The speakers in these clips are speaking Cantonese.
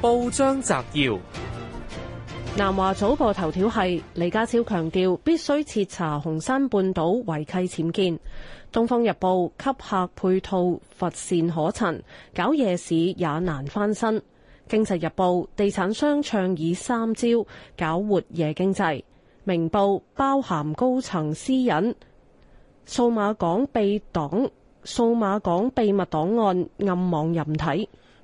報章摘要：南華早報頭條係李家超強調必須徹查紅山半島違契僭建；東方日報吸客配套乏善可陳，搞夜市也難翻身；經濟日報地產商倡議三招搞活夜經濟；明報包含高層私隱；數碼港秘檔，數碼港秘密檔案暗網任睇。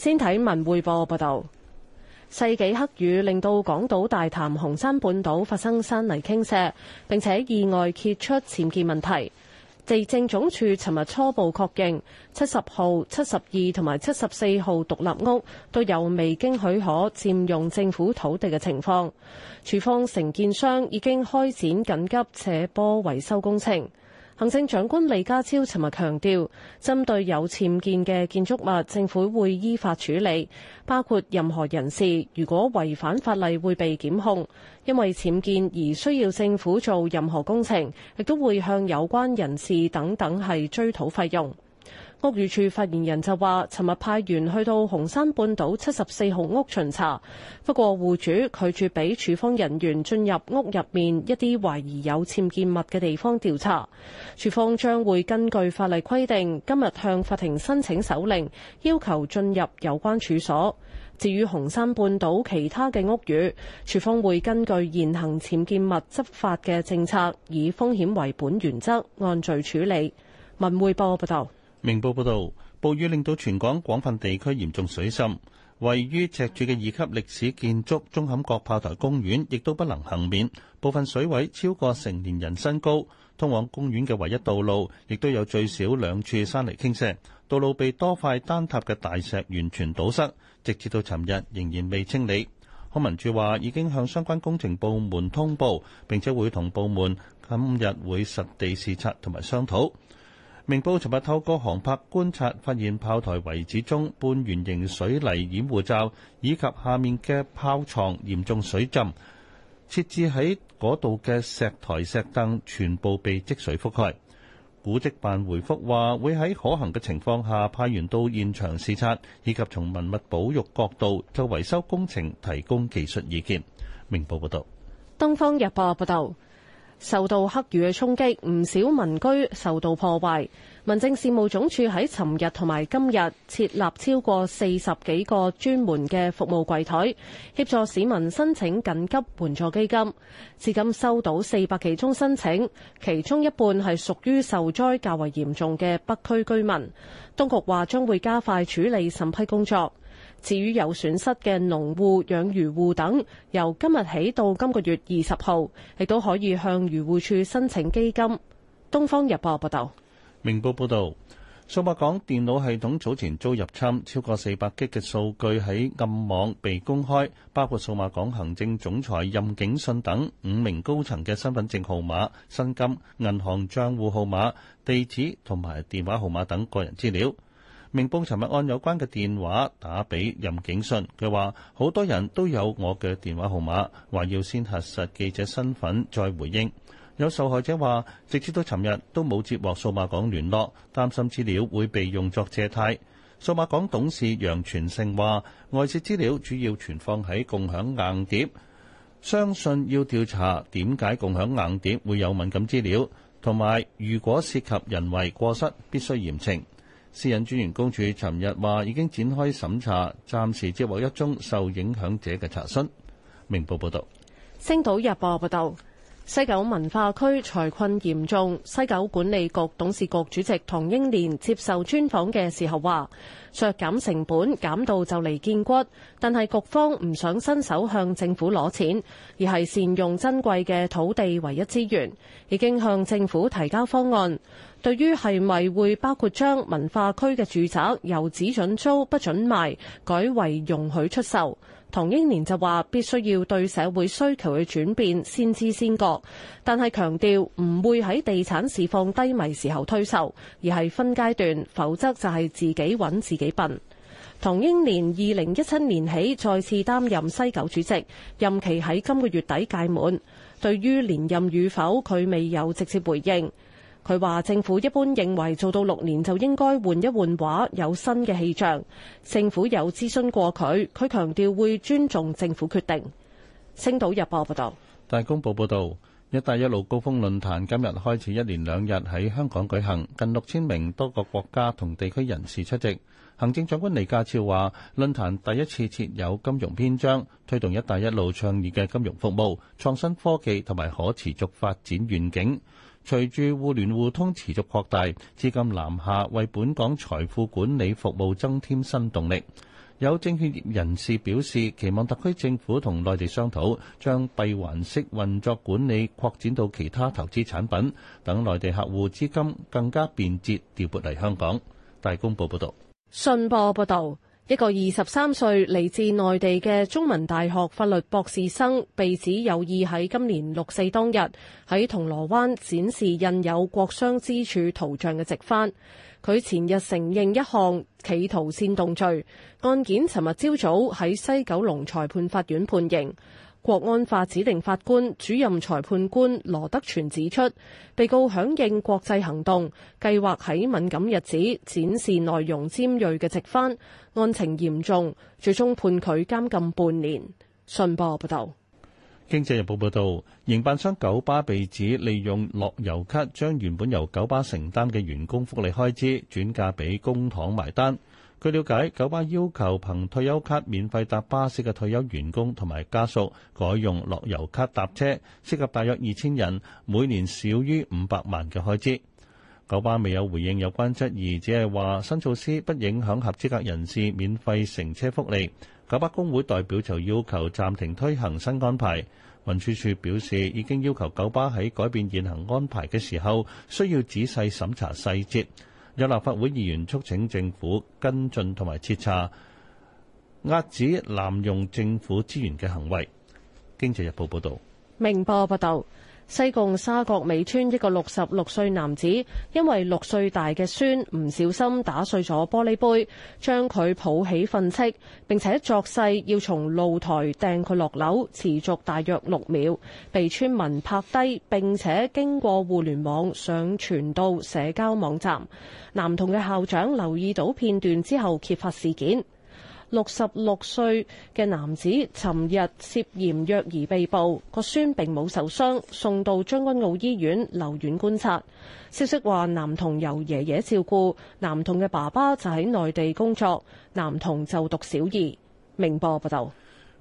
先睇文匯報報道，世紀黑雨令到港島大潭紅山半島發生山泥傾瀉，並且意外揭出僭建問題。地政總署尋日初步確認，七十號、七十二同埋七十四號獨立屋都有未經許可佔用政府土地嘅情況。署方承建商已經開展緊急斜坡維修工程。行政長官李家超尋日強調，針對有僭建嘅建築物，政府會依法處理，包括任何人士如果違反法例會被檢控，因為僭建而需要政府做任何工程，亦都會向有關人士等等係追討費用。屋宇署發言人就話，尋日派員去到紅山半島七十四號屋巡查，不過戶主拒絕俾處方人員進入屋入面一啲懷疑有僭建物嘅地方調查。處方將會根據法例規定，今日向法庭申請手令，要求進入有關處所。至於紅山半島其他嘅屋宇，處方會根據現行僭建物執法嘅政策，以風險為本原則，按序處理。文匯報報道。明報報導，暴雨令到全港廣泛地區嚴重水浸，位於赤柱嘅二級歷史建築舂坎角炮台公園亦都不能幸免。部分水位超過成年人身高，通往公園嘅唯一道路亦都有最少兩處山泥傾瀉，道路被多塊單塔嘅大石完全堵塞，直至到尋日仍然未清理。康文署話已經向相關工程部門通報，並且會同部門今日會實地視察同埋商討。明報尋日透過航拍觀察，發現炮台遺址中半圓形水泥掩護罩以及下面嘅炮床嚴重水浸，設置喺嗰度嘅石台石凳全部被積水覆蓋。古蹟辦回覆話，會喺可行嘅情況下派員到現場視察，以及從文物保育角度就維修工程提供技術意見。明報報道。東方日報報道。受到黑雨嘅衝擊，唔少民居受到破壞。民政事務總署喺尋日同埋今日設立超過四十幾個專門嘅服務櫃台，協助市民申請緊急援助基金。至今收到四百幾宗申請，其中一半係屬於受災較為嚴重嘅北區居民。當局話將會加快處理審批工作。至於有損失嘅農戶、養魚戶等，由今日起到今個月二十號，亦都可以向漁護處申請基金。《東方日報》報道。《明報》報道，數碼港電腦系統早前遭入侵，超過四百 G 嘅數據喺暗網被公開，包括數碼港行政總裁任景信等五名高層嘅身份證號碼、薪金、銀行帳戶號碼、地址同埋電話號碼等個人資料。明報尋日按有關嘅電話打俾任景信，佢話好多人都有我嘅電話號碼，話要先核實記者身份再回應。有受害者話，直至到尋日都冇接獲數碼港聯絡，擔心資料會被用作借貸。數碼港董事楊全盛話：外泄資料主要存放喺共享硬碟，相信要調查點解共享硬碟會有敏感資料，同埋如果涉及人為過失，必須嚴懲。私隱專員公署尋日話已經展開審查，暫時接獲一宗受影響者嘅查詢。明報報道。星島日報報道。西九文化區財困嚴重，西九管理局董事局主席唐英年接受專訪嘅時候話，削減成本，減到就嚟見骨，但係局方唔想伸手向政府攞錢，而係善用珍貴嘅土地唯一資源，已經向政府提交方案。對於係咪會包括將文化區嘅住宅由只準租不准賣，改為容許出售？唐英年就話必須要對社會需求嘅轉變先知先覺，但係強調唔會喺地產市況低迷時候推售，而係分階段，否則就係自己揾自己笨。唐英年二零一七年起再次擔任西九主席，任期喺今個月底屆滿，對於連任與否，佢未有直接回應。佢話：他說政府一般認為做到六年就應該換一換畫，有新嘅氣象。政府有諮詢過佢，佢強調會尊重政府決定。星島日報報道。大公報報道，「一帶一路」高峰論壇今日開始一連兩日喺香港舉行，近六千名多個國家同地區人士出席。行政長官李家超話：論壇第一次設有金融篇章，推動「一帶一路」倡議嘅金融服務、創新科技同埋可持續發展願景。隨住互聯互通持續擴大，資金南下為本港財富管理服務增添新動力。有證券業人士表示，期望特區政府同內地商討，將閉環式運作管理擴展到其他投資產品，等內地客戶資金更加便捷調撥嚟香港。大公報報道，信報報道。一個二十三歲嚟自內地嘅中文大學法律博士生，被指有意喺今年六四當日喺銅鑼灣展示印有國殤之柱圖像嘅直幡。佢前日承認一項企圖煽動罪，案件尋日朝早喺西九龍裁判法院判刑。國安法指定法官、主任裁判官羅德全指出，被告響應國際行動，計劃喺敏感日子展示內容尖銳嘅直幡，案情嚴重，最終判佢監禁半年。信報報道，經濟日報報道，營辦商九巴被指利用落油卡，將原本由九巴承擔嘅員工福利開支轉嫁俾公帑埋單。據了解，九巴要求憑退休卡免費搭巴士嘅退休員工同埋家屬改用樂悠卡搭車，涉及大約二千人，每年少於五百萬嘅開支。九巴未有回應有關質疑，只係話新措施不影響合資格人士免費乘車福利。九巴工會代表就要求暫停推行新安排。運輸署表示，已經要求九巴喺改變現行安排嘅時候，需要仔細審查細節。有立法會議員促請政府跟進同埋徹查，遏止濫用政府資源嘅行為。經濟日報報道：明報報道。西貢沙角尾村一個六十六歲男子，因為六歲大嘅孫唔小心打碎咗玻璃杯，將佢抱起憤斥，並且作勢要從露台掟佢落樓，持續大約六秒，被村民拍低，並且經過互聯網上傳到社交網站。男童嘅校長留意到片段之後，揭發事件。六十六歲嘅男子尋日涉嫌虐兒被捕，個孫並冇受傷，送到將軍澳醫院留院觀察。消息話男童由爺爺照顧，男童嘅爸爸就喺內地工作，男童就讀小二。明報報道。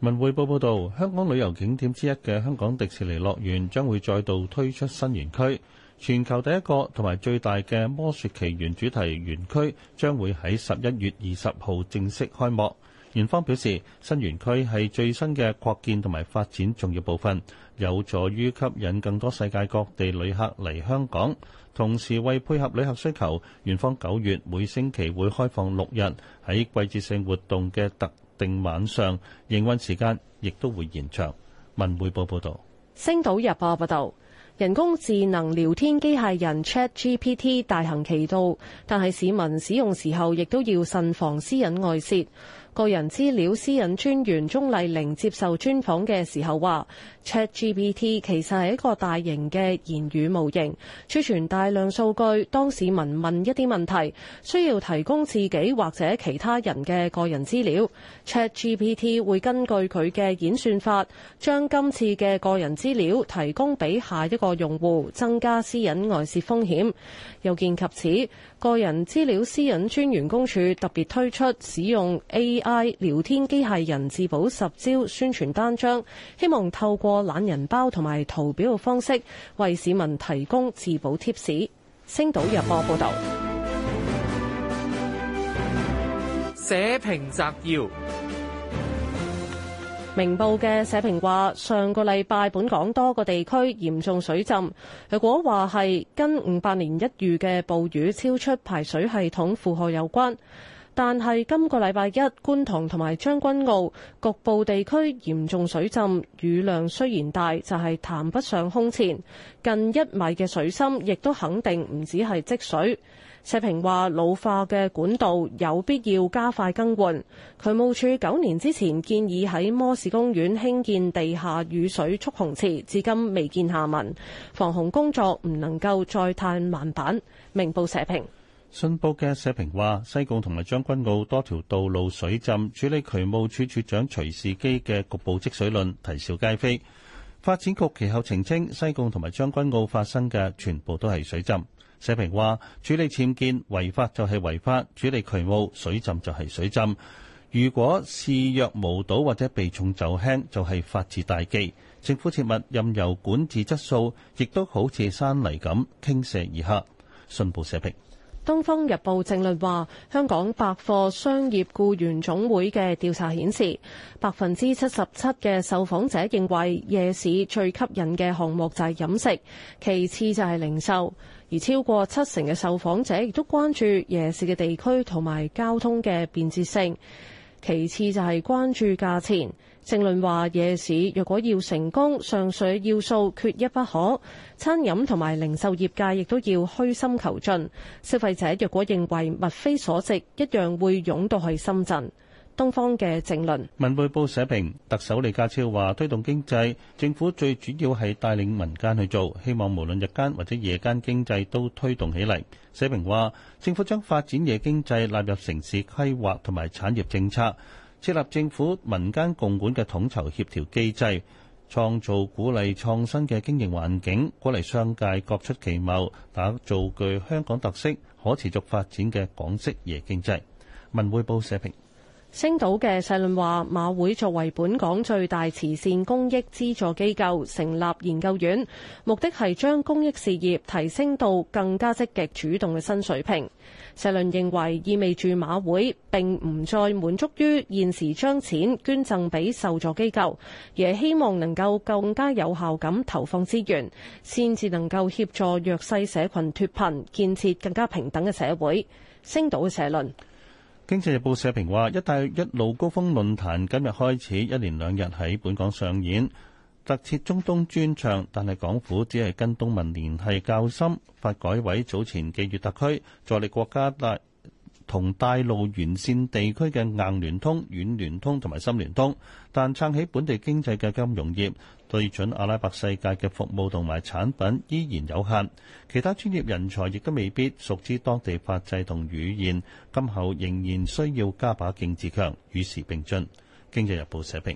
文匯報報道，香港旅遊景點之一嘅香港迪士尼樂園將會再度推出新園區。全球第一個同埋最大嘅《魔雪奇緣》主題園區將會喺十一月二十號正式開幕。園方表示，新園區係最新嘅擴建同埋發展重要部分，有助於吸引更多世界各地旅客嚟香港。同時為配合旅客需求，園方九月每星期會開放六日，喺季節性活動嘅特定晚上營運時間亦都會延長。文匯報報道。星島日報報道。人工智能聊天機械人 ChatGPT 大行其道，但係市民使用時候亦都要慎防私隱外泄。個人資料私隱專員鍾麗玲接受專訪嘅時候話：ChatGPT 其實係一個大型嘅言語模型，儲存大量數據。當市民問一啲問題，需要提供自己或者其他人嘅個人資料，ChatGPT 會根據佢嘅演算法，將今次嘅個人資料提供俾下一個用戶，增加私隱外洩風險。又見及此，個人資料私隱專員公署特別推出使用 A i 聊天機械人自保十招宣傳單張，希望透過懶人包同埋圖表嘅方式，為市民提供自保貼士。星島日報報導。社評摘要：明報嘅社評話，上個禮拜本港多個地區嚴重水浸，如果話係跟五八年一遇嘅暴雨超出排水系統負荷有關。但係今個禮拜一，觀塘同埋將軍澳局部地區嚴重水浸，雨量雖然大，就係、是、談不上空前。近一米嘅水深，亦都肯定唔止係積水。社評話老化嘅管道有必要加快更換。渠務署九年之前建議喺摩士公園興建地下雨水蓄洪池，至今未見下文。防洪工作唔能夠再嘆慢板。明報社評。信報嘅社評話：西貢同埋將軍澳多條道路水浸，處理渠務處處長徐士基嘅局部積水論啼笑皆非。發展局其後澄清，西貢同埋將軍澳發生嘅全部都係水浸。社評話：處理僭建違法就係違法，處理渠務水浸就係水浸。如果視若無睹或者避重就輕，就係、是、法治大忌。政府切勿任由管治質素，亦都好似山泥咁傾瀉而下。信報社評。《東方日報政論》話，香港百貨商業僱員總會嘅調查顯示，百分之七十七嘅受訪者認為夜市最吸引嘅項目就係飲食，其次就係零售。而超過七成嘅受訪者亦都關注夜市嘅地區同埋交通嘅便捷性，其次就係關注價錢。政論話夜市若果要成功，上述要素缺一不可。餐飲同埋零售業界亦都要虛心求進。消費者若果認為物非所值，一樣會湧到去深圳。東方嘅政論。文匯報社評，特首李家超話推動經濟，政府最主要係帶領民間去做，希望無論日間或者夜間經濟都推動起嚟。社評話政府將發展夜經濟納入城市規劃同埋產業政策。設立政府民間共管嘅統籌協調機制，創造鼓勵創新嘅經營環境，鼓勵商界各出奇謀，打造具香港特色、可持續發展嘅港式夜經濟。文匯報社評。星島嘅社論話，馬會作為本港最大慈善公益資助機構，成立研究院，目的係將公益事業提升到更加積極主動嘅新水平。社論認為意味住馬會並唔再滿足於現時將錢捐贈俾受助機構，而係希望能夠更加有效咁投放資源，先至能夠協助弱勢社群脫貧，建設更加平等嘅社會。星島嘅社論。經濟日報社評話，「一帶一路」高峰論壇今日開始一連兩日喺本港上演，特設中東專場，但係港府只係跟東盟聯繫較深。發改委早前寄予特區助力國家大，同大陸沿線地區嘅硬聯通、軟聯通同埋深聯通，但撐起本地經濟嘅金融業，對準阿拉伯世界嘅服務同埋產品依然有限。其他專業人才亦都未必熟知當地法制同語言，今後仍然需要加把勁自強，與時並進。經濟日報社評。